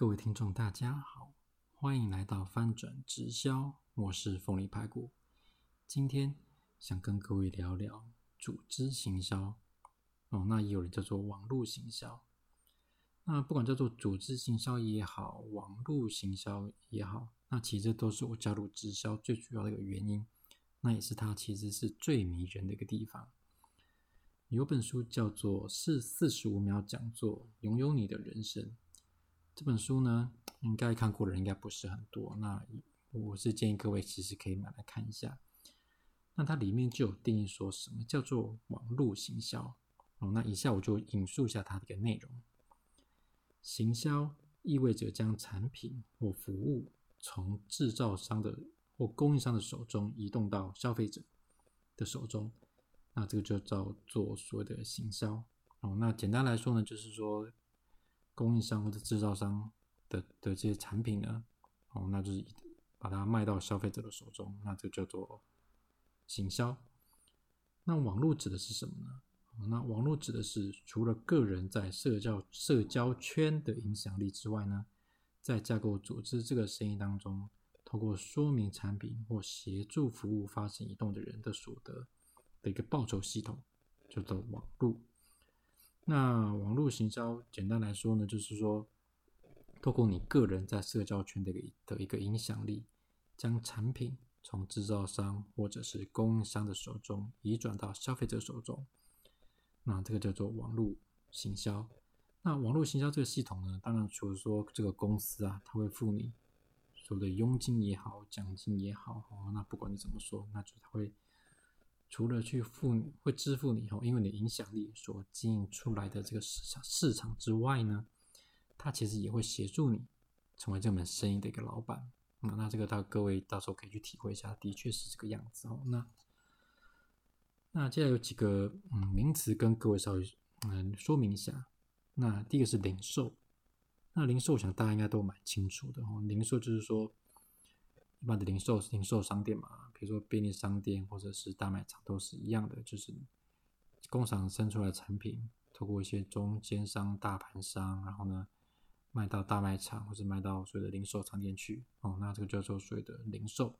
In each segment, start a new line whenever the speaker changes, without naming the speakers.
各位聽眾，大家好，歡迎來到翻轉直銷，我是鳳梨排骨。今天想跟各位聊聊組織行銷，哦，那也有人叫做網路行銷。那不管叫做組織行銷也好，網路行銷也好，那其實都是我加入直銷最主要的一個原因。那也是它其實是最迷人的一個地方。有本書叫做《是四十五秒講座》，擁有你的人生。這本書呢，應該看過的人應該不是很多。那我是建議各位其實可以買來看一下。那它裡面就有定義說什麼叫做網路行銷哦。那以下我就引述一下它的一個內容：行銷意味着將產品或服務從製造商的或供應商的手中移動到消費者的手中。那這個就叫做所謂的行銷哦。那簡單來說呢，就是說。供應商或者製造商的的這些產品呢，哦，那就是把它賣到消費者的手中，那就叫做行銷。那網路指的是什麼呢？那網路指的是除了個人在社交社交圈的影響力之外呢，在架構組織這個生意當中，透過說明產品或協助服務發生移動的人的所得的一個報酬系統，就叫做網路。那網路行銷，簡單來說呢，就是說，透過你個人在社交圈的一個的一個影響力，將產品從製造商或者是供應商的手中移轉到消費者手中，那這個叫做網路行銷。那網路行銷這個系統呢，當然除了說這個公司啊，它會付你所謂的佣金也好、獎金也好，哦，那不管你怎麼說，那就它會。除了去付你會支付你以後，因為你的影響力所經營出來的這個市場市場之外呢，它其實也會協助你成為這門生意的一個老闆。嗯，那這個到各位到時候可以去體會一下，的確是這個樣子哦。那那接下來有幾個嗯名詞跟各位稍微嗯說明一下。那第一個是零售，那零售我想大家應該都蠻清楚的哦。零售就是說一般的零售是零售商店嘛。比如說便利商店，或者是大賣場都是一樣的，就是工廠生出來產品，透過一些中間商、大盤商，然後呢賣到大賣場或者賣到所有的零售商店去。哦，那這個叫做所謂的零售，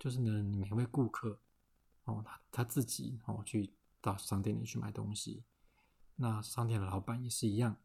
就是呢每位顧客，哦他他自己哦去到商店裡去買東西，那商店的老闆也是一樣，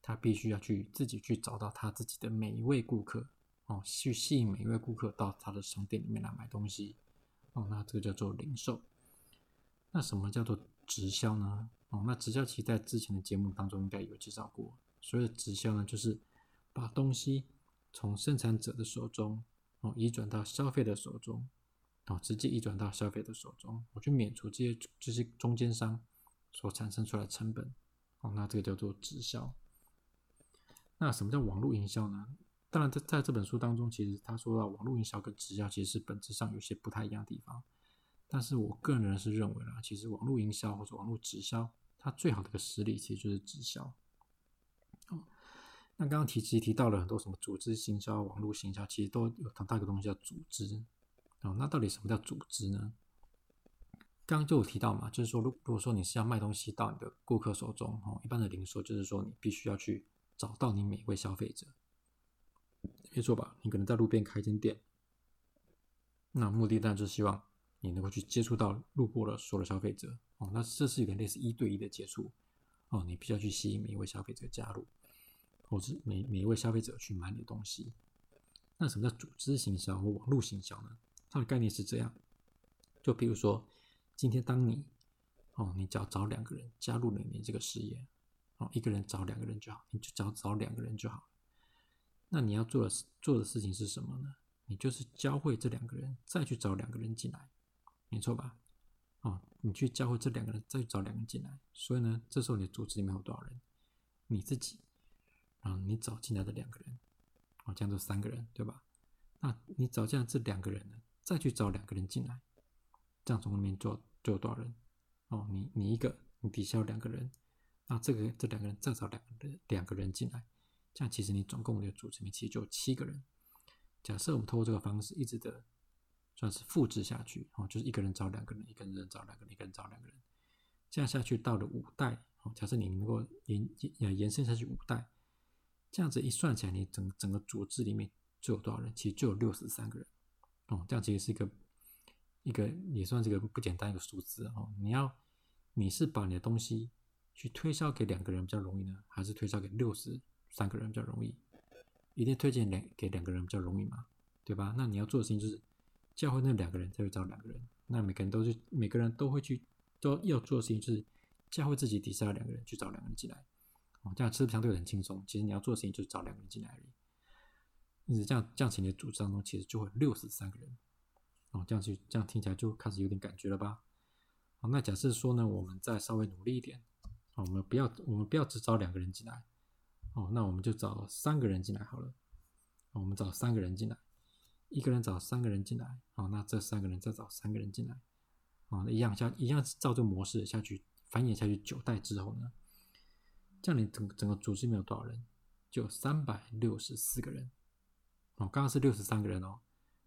他必須要去自己去找到他自己的每一位顧客。哦，去吸引每一位顧客到他的商店裡面來買東西，哦，那這個叫做零售。那什麼叫做直銷呢？哦，那直銷其實，在之前的節目當中應該有介紹過。所謂直銷呢，就是把東西從生產者的手中哦移轉到消費的手中，哦，直接移轉到消費的手中，我、哦、去免除這些這些、就是、中間商所產生出來的成本，哦，那這個叫做直銷。那什麼叫網絡營銷呢？當然，在在這本書當中，其實他說到網絡營銷跟直銷其實是本質上有些不太一樣的地方。但是我個人是認為啦，其實網絡營銷或者網絡直銷，它最好的一個實例其實就是直銷。那剛剛提及提到了很多什麼組織行銷、網絡行銷，其實都有很大一個東西叫組織。哦，那到底什麼叫組織呢？剛剛就有提到嘛，就是說，如如果說你是要賣東西到你的顧客手中，哦，一般的零售就是說你必須要去找到你每位消費者。沒錯吧，你可能在路邊開一間店，那目的當然就是希望你能夠去接觸到路過的所有的消費者哦。那這是有點類似一對一的接觸哦，你必須要去吸引每一位消費者加入，或是每每一位消費者去買你的東西。那什麼叫組織行銷或網絡行銷呢？它的概念是這樣，就比如說今天當你哦，你只要找兩個人加入了你這個事業哦，一個人找兩個人就好，你就找找兩個人就好那你要做做的事情是什麼呢？你就是教會這兩個人，再去找兩個人進來，沒錯吧？哦，你去教會這兩個人，再去找兩個人進來。所以呢，這時候你組織裡面有多少人？你自己，啊，你找進來的兩個人，啊，這樣就三個人，對吧？那你找這樣這兩個人呢，再去找兩個人進來，這樣從外面做，就有多少人？哦，你你一個，你底下有兩個人，那這個這兩個人再找兩個兩個人進來。這樣其實你總共的組織裡面其實就有七個人。假設我們通過這個方式一直的算是複製下去哦，就是一個人找兩個人，一個人找兩個人，一個人找兩個人，這樣下去到了五代哦。假設你能夠延延伸下去五代，這樣子一算起來，你整整個組織裡面就有多少人？其實就有六十三個人哦。這樣其實是一個一個也算是一個不簡單一個數字哦。你要你是把你的東西去推銷給兩個人比較容易呢，還是推銷給六十？三個人比較容易，一定推薦兩給兩個人比較容易嘛，對吧？那你要做的事情就是教會那兩個人再去找兩個人，那每個人都是，每個人都會去都要做的事情就是教會自己底下的兩個人去找兩個人進來，哦，這樣是不是相對很輕鬆？其實你要做的事情就是找兩個人進來而已，因此這樣這樣，你的組織當中其實就會六十三個人，哦，這樣去這樣聽起來就開始有點感覺了吧？好、哦，那假設說呢，我們再稍微努力一點，好、哦，我們不要我們不要只找兩個人進來。哦，那我們就找三個人進來好了、哦。我們找三個人進來，一個人找三個人進來。哦，那這三個人再找三個人進來。啊、哦，一樣下一樣是照這個模式下去繁衍下去九代之後呢，這樣你整整個組織裡面有多少人，就三百六十四個人。哦，剛剛是六十三個人哦。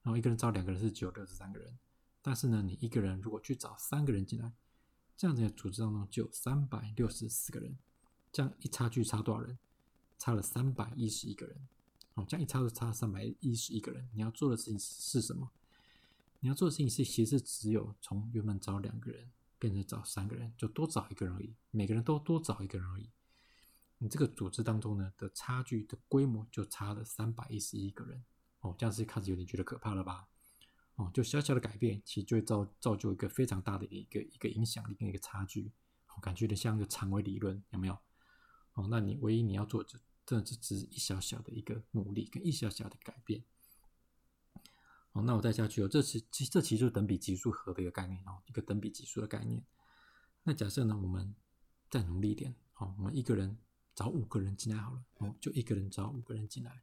然後一個人招兩個人是只有六十三個人，但是呢，你一個人如果去找三個人進來，這樣子的組織當中就有三百六十四個人，這樣一差距差多少人？差了三百一十一個人，哦，這樣一差就差了三百一十一個人。你要做的事情是什麼？你要做的事情是，其實只有從原本找兩個人變成找三個人，就多找一個人而已。每個人都多找一個人而已。你這個組織當中呢的差距的規模就差了三百一十一個人，哦，這樣子一開始有點覺得可怕了吧？哦，就小小的改變，其實就會造造就一個非常大的一個一個影響力跟一個差距，我、哦、感覺有點像一個長尾理論，有沒有？哦，那你唯一你要做就，這就只是一小小的一個努力跟一小小的改變。哦，那我再下去哦，這其其這其實就是等比級數和的一個概念哦，一個等比級數的概念。那假設呢，我們再努力一點，哦，我們一個人找五個人進來好了，哦，就一個人找五個人進來，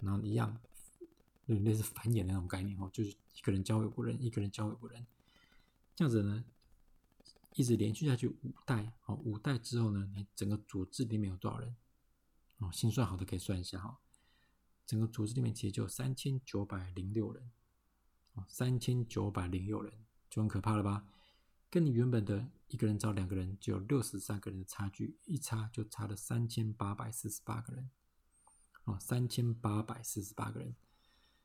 然後一樣，類似繁衍的那種概念哦，就是一個人教會五人，一個人教會五人，這樣子呢。一直連續下去五代，哦，五代之後呢，你整個組織裡面有多少人？哦，心算好的可以算一下哈，哦，整個組織裡面其實就三千九百零六人，哦，三千九百零六人就很可怕了吧？跟你原本的一個人找兩個人，只有六十三個人的差距，一差就差了三千八百四十八個人，哦，三千八百四十八個人，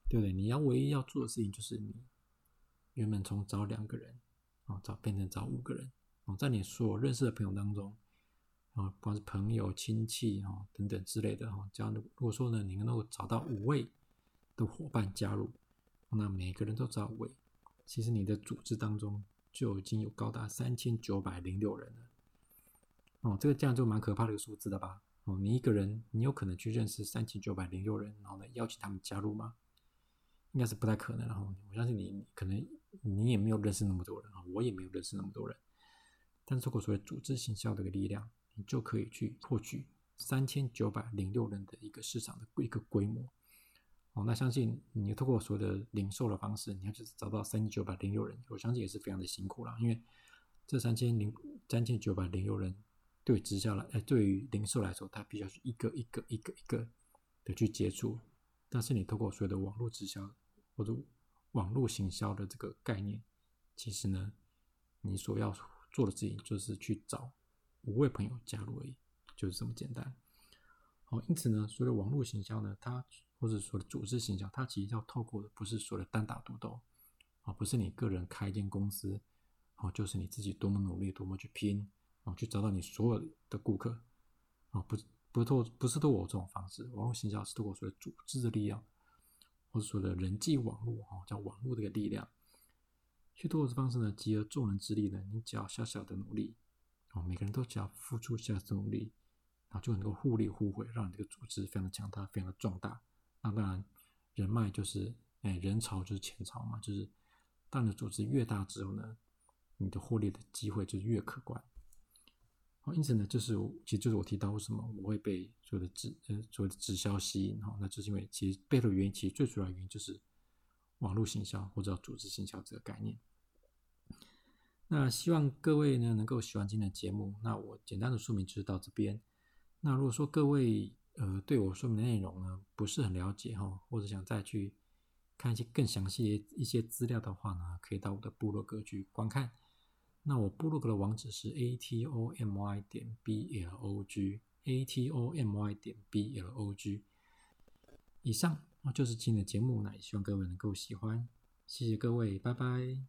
對不對？你要唯一要做的事情就是你原本從找兩個人。哦，找變成找五個人。哦，在你所認識的朋友當中，哦，不管是朋友、親戚，哈、哦，等等之類的，哈、哦，這樣如果說呢，你能夠找到五位的夥伴加入，那每個人都找五位，其實你的組織當中就已經有高達三千九百零六人了。哦，這個這樣就蠻可怕的一個數字的吧？哦，你一個人，你有可能去認識三千九百零六人，然後呢邀請他們加入嗎？應該是不太可能的。哦、我相信你，你可能。你也沒有認識那麼多人啊，我也沒有認識那麼多人，但是透過所謂的組織行銷的一個力量，你就可以去獲取三千九百零六人的一個市場的一個規模。哦，那相信你透過所有的零售的方式，你要去找到三千九百零六人，我相信也是非常的辛苦了，因為這三千零三千九百零六人對直銷來、呃，對於零售來說，他比較是一個一個一個一個的去接觸，但是你透過所有的網絡直銷或者。網絡行銷的這個概念，其實呢，你所要做的事情就是去找五位朋友加入而已，就是這麼簡單。好、哦，因此呢，所謂網絡行銷呢，它或者說組織行銷，它其實要透過的不是說的單打獨鬥，啊、哦，不是你個人開一間公司，哦，就是你自己多麼努力，多麼去拼，哦，去找到你所有的顧客，哦，不，不透，不是透過這種方式。網絡行銷是透過所謂組織的力量。或者說的人際網絡啊，叫網絡這個力量，去通過這方式呢，集合眾人之力呢，你只要小小的努力，哦，每個人都只要付出小小的努力，啊，就能夠互利互惠，讓你這個組織非常的強大，非常的壯大。那當然，人脈就是哎，人潮就是錢潮嘛，就是當你的組織越大之後呢，你的獲利的機會就越可觀。哦，因此呢，就是其實就是我提到為什麼我會被所謂的直呃所謂的直銷吸引，哈、哦，那就是因為其實背後的原因其實最主要的原因就是網絡行銷或者叫組織行銷這個概念。那希望各位呢能夠喜歡今天的節目，那我簡單的說明就是到這邊。那如果說各位呃對我說明的內容呢不是很了解哈、哦，或者想再去看一些更詳細一些資料的話呢，可以到我的部落格去觀看。那我部落格的網址是 a t o m y 點 b l o g a t o m y 點 b l o g。以上就是今天的節目，那也希望各位能夠喜歡，謝謝各位，拜拜。